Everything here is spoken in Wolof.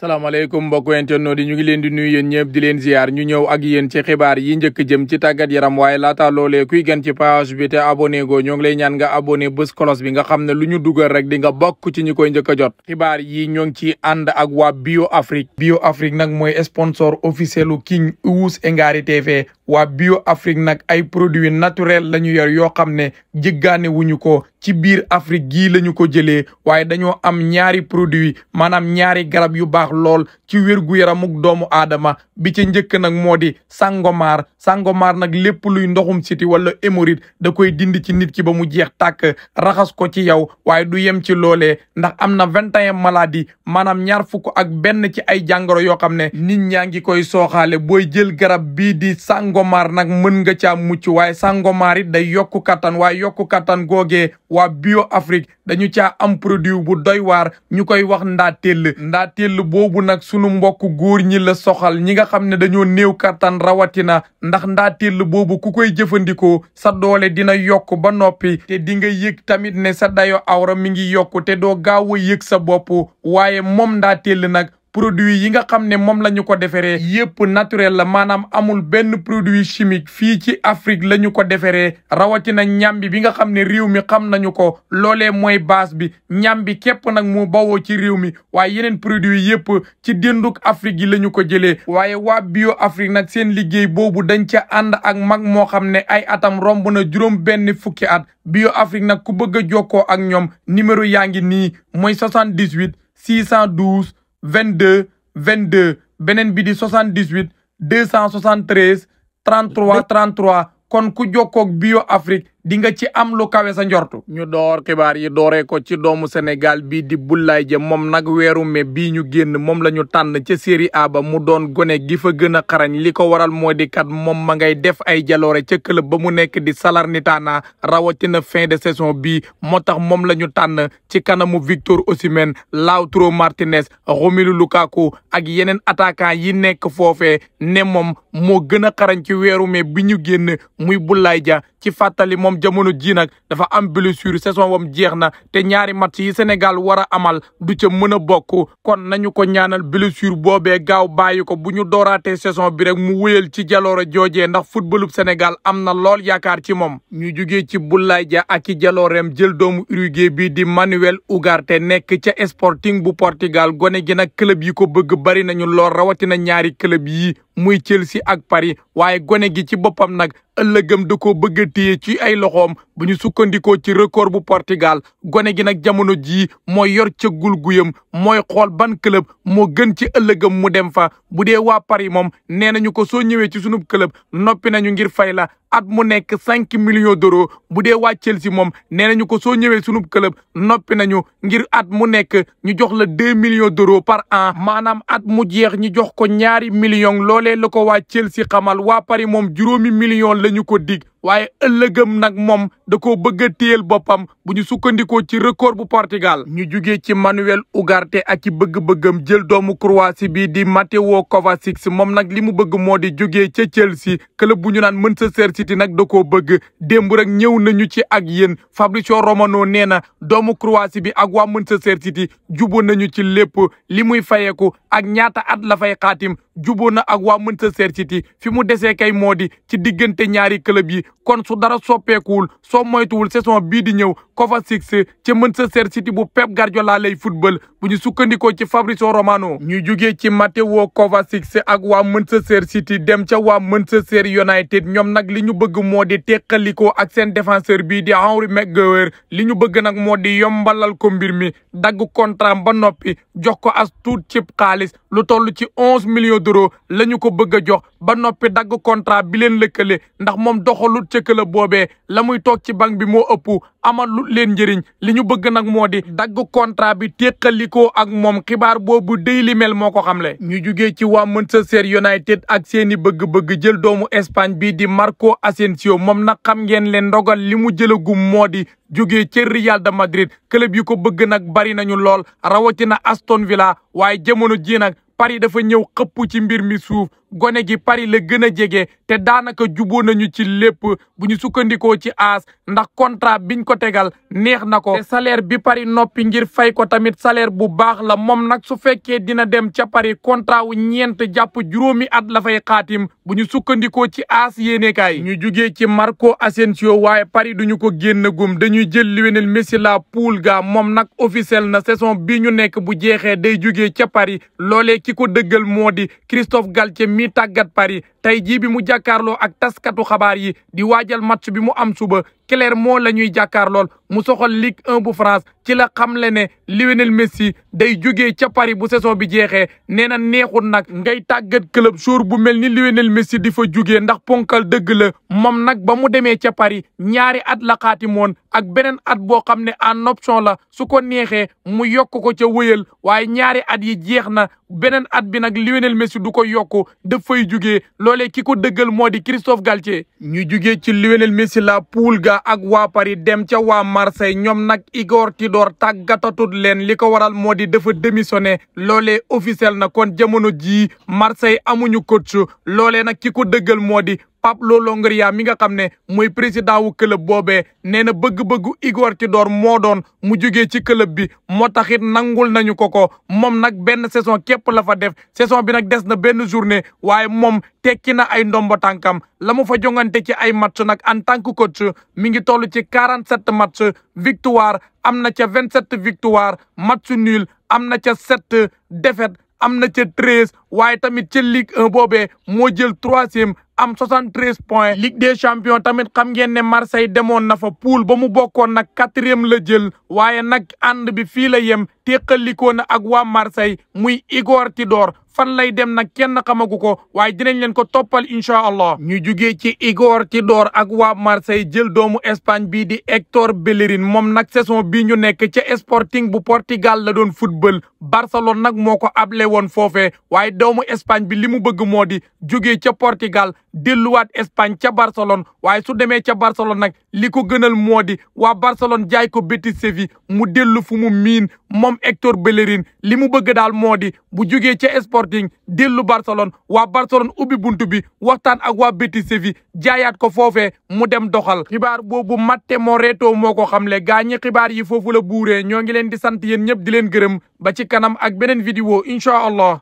salaamaaleykum mbokk internet di ñu ngi leen di nuyu yéen ñëpp di leen ñu ñëw ak yéen ci xibaar yi njëkk jëm ci tàggat yaram waaye laata loolee kuy gan ci page bi te abonné go ñoo ngi lay ñaan nga abonné bés kolos bi nga xam ne lu ñu dugal rek di nga bokk ci ñi koy njëkk a jot xibaar yi ñoo ngi ci ànd ak waa Bio Afrique Bio Afrique nag mooy sponsor officiel u King Ouse Ngary TV waa Bio Afrique nag ay produits naturels la ñu yor yoo xam ne jiggaane wuñu ko ci biir Afrique gii lañu ko jëlee waaye dañoo am ñaari produit maanaam ñaari garab yu baax lool ci wérgu yaramuk doomu aadama bi ci njëkk nag moo di sangomar sangomar nag lépp luy ndoxum siti wala hémorroïde da koy dindi ci nit ki ba mu jeex tàkk raxas ko ci yow waaye du yem ci loole ndax am na vingt et un maladie maanaam ñaar fukk ak benn ci ay jàngoro yoo xam ne nit ñaa ngi koy sooxaale booy jël garab bii di sangomar nag mën nga caa mucc waaye sangomar it day yokku kattan waaye yokku kattan googee waa bio Afrique dañu caa am produit bu doy waar ñu koy wax ndaa tell ndaa tell boobu nag sunu mbokk góor ñi la soxal ñi nga xam ne dañoo néew kattan rawatina ndax ndaa tell boobu ku koy jëfandikoo sa doole dina yokk ba noppi te di nga yëg tamit ne sa dayo awra mi ngi yokk te doo gaaw a yëg sa bopp waaye moom ndaa tell nag produits yi nga xam ne moom la ñu ko deferee yépp naturel la maanaam amul benn produit chimique fii ci Afrique la ñu ko deferee rawatina ñambi bi nga xam ne réew mi xam nañu ko loolee mooy base bi ñambi képp nag mu bawoo ci réew mi waaye yeneen produit yépp ci dénduk Afrique yi la ñu ko jëlee waaye waa bio Afrique nag seen liggéey boobu dañ ca ànd ak mag moo xam ne ay atam romb na juróom benn fukki at bio Afrique nag ku bëgg a jokkoo ak ñoom numéro yaa ngi nii mooy 78 612 vingt deux vingt deux beneen bi di soixante dix huit deux cent soixante treize trente trois trente trois kon ku jokkoog bio Afrique di nga ci am lu kawe sa njortu. ñu door xibaar yi dooree ko ci doomu Sénégal bii di Boulaye Dia moom nag weeru mai bii ñu génn moom la ñu tànn ca Série A ba mu doon gone gi fa gën a xarañ li ko waral moo di kat moom ma ngay def ay jaloore ca club ba mu nekk di Salernitana rawatina fin de saison bii moo tax moom la ñu tànn ci kanamu Victor Osimhen Lautaro Martinez Romelu Lukaku ak yeneen attaquant yi nekk foofee ne moom moo gën a xarañ ci weeru mai bi ñu génn muy Boulaye Dia moom jamono ji nag dafa am sur saison wam jeex na te ñaari mat yi Sénégal war a amal du ca mën a bokk kon nañu ko ñaanal sur boobee gaaw bàyyi ko bu ñu dooraatee saison bi rek mu wéyal ci jaloore joojee ndax footballub Sénégal am na lool yaakaar ci moom ñu jugee ci Boulaye Dia ak ci jaloorem jël doomu Uruguay bi di Manuel Ugarte nekk ca Sporting bu Portugal gone gi nag club yi ko bëgg bari nañu lool rawatina ñaari club yi muy Chelsea ak Paris waaye gone gi ci boppam nag ëllëgëm da koo bëgg a téye ci ay loxoom bu ñu sukkandikoo ci record bu Portugal gone gi nag jamono jii mooy yor cëggul guyam mooy xool ban club moo gën ci ëllëgëm mu dem fa bu dee waa Paris moom nee nañu ko soo ñëwee ci sunub club noppi nañu ngir fay la at mu nekk cinq millions d'euros bu dee waa Chelsea moom nee nañu ko soo ñëwee sunub club noppi nañu ngir at mu nekk ñu jox la deux millions d'euros par an maanaam at mu jeex ñu jox ko ñaari millions loolee la ko waa Chelsea xamal waa Paris moom juróomi millions la ñu ko dig waaye ëllëgëm nag moom da koo bëgg a téyel boppam bu ñu sukkandikoo ci record bu Portugal. ñu jugee ci manuwel Ugarte ak ci bëgg-bëggam jël doomu Croatie bi di Mateo Kovacic moom nag li mu bëgg moo di jóge ca Chelsea club bu ñu naan Manchester City nag da koo bëgg démb rek ñëw nañu ci ak yéen Fabrizio Romano nee na doomu Croatie bi ak waa Manchester City juboo nañu ci lépp li muy fayeeku ak ñaata at la fay xaatim juboo na ak waa Manchester City fi mu desee kay moo di ci diggante ñaari club yi kon su dara soppeekuwul soo moytuwul saison bii di ñëw Kovacic ci Manchester City bu Pep Guardiola lay football bu ñu sukkandikoo ci Fabrizio Romano. ñu jugee ci Matteo Kovacic ak waa mën Manchester City dem ca waa mën Manchester United ñoom nag li ñu bëgg moo di teqalikoo ak seen defenseur bii di Henry Maguire li ñu bëgg nag moo di yombalal ko mbir mi dagg contrat ba noppi jox ko as tuut cib xaalis. lu toll ci onze millions d'euros la ñu ko bëgg a jox ba noppi dagg contrat bi leen lëkkale ndax moom doxalut ca club boobee la muy toog ci banque bi moo ëpp amalut leen njëriñ li ñu bëgg nag moo di dagg contrat bi téqalikoo ak moom xibaar boobu Daily Mail moo ko xamle ñu jugee ci waa Manchester United ak seeni bëgg-bëgg jël doomu Espagne bi di Marco Asensio moom nag xam ngeen leen ndogal li mu jëlagum moo di jóge ci Real de Madrid club yi ko bëgg nag bari nañu lool rawatina Aston Villa waaye jamono ji nag Paris dafa ñëw xëpp ci mbir mi suuf gone gi Paris la gën a jege te daanaka juboo nañu ci lépp bu ñu sukkandikoo ci aas ndax contrat biñ ko tegal neex na ko. te salaire bi Paris noppi ngir fay ko tamit salaire bu baax la moom nag su fekkee dina dem ca Paris contrat wu ñeent jàpp juróomi at la fay xaatim bu ñu sukkandikoo ci aas yéenekaay ñu jugee ci Marco Asensio waaye Paris duñu ko génn gum dañuy jël Lionel Messi la poule ga moom nag officiel na saison bi ñu nekk bu jeexee day jugee ca Paris ki ko dëggal moo di Christophe Galtier mi tàggat Paris tey jii bi mu jàkkaarloo ak taskatu xabaar yi di waajal match bi mu am suba Clermont la ñuy jàkkaar lool mu soxal Ligue 1 bu France ci la xamle ne Lionel Messi day jugee ca Paris bu saison bi jeexee nee na neexul nag ngay tàggat club jour bu mel ni liwenel Messi di fa jugee ndax ponkal dëgg la moom nag ba mu demee ca Paris ñaari at la moon ak beneen at boo xam ne en option la su ko neexee mu yokk ko ca wëyal waaye ñaari at yi jeex na beneen at bi nag Lionel Messi du ko yokku daf fay jugee loolee ki ko dëggal moo di Christophe Galtier ñu jugee ci Lionel Messi la poule ak waa Paris dem ca waa Marseille ñoom nag Igor Tudor tàggatatut leen li ko waral moo di dafa démissionné loole officiel na kon jamono jii Marseille amuñu coach loole nag ki ko dëggal moo di Pablo Longoria mi nga xam ne mooy président wu club boobee nee na bëgg-bëggu ci door moo doon mu jugee ci club bi moo taxit nangul nañu ko ko moom nag benn saison képp la fa def saison bi nag des na benn journée waaye moom tekki na ay ndombo la mu fa jongante ci ay match nag en tant que coach mi ngi toll ci quarante sept match victoire am na ca vingt sept victoire match nul am na ca sept défaite am na ca treize waaye tamit ca Ligue 1 boobee moo jël troisième am 73 points Ligue des tamit xam ngeen ne Marseille demoon na fa poule ba mu bokkoon nag quatrième la jël waaye nag ànd bi fii la yem teqalikoo na ak waa Marseille muy Igor Tudor fan lay dem nag kenn xamagu ko waaye dinañ leen ko toppal incha allah ñu jugee ci Igor door ak waa Marseille jël doomu Espagne bii di Hector Bellerin moom nag saison bii ñu nekk ca Sporting bu Portugal la doon football Barcelone nag moo ko able woon foofee waaye doomu Espagne bi li mu bëgg moo di jugee ca Portugal delluwaat Espagne ca Barcelone waaye su demee ca Barcelone nag li ko gënal moo di waa Barcelone jaay ko Betis Séville mu dellu fu mu miin moom Hector Bellerin li mu bëgg daal moo di Sporting dellu Barcelone waa Barcelone ubbi buntu bi waxtaan ak waa Betis Séville jaayaat ko foofe mu dem doxal xibaar boobu Matte Moreto moo ko xamle gaa ñi xibaar yi foofu la buuree ñoo ngi leen di sant yéen ñëpp di leen gërëm ba ci kanam ak beneen vidéo incha allah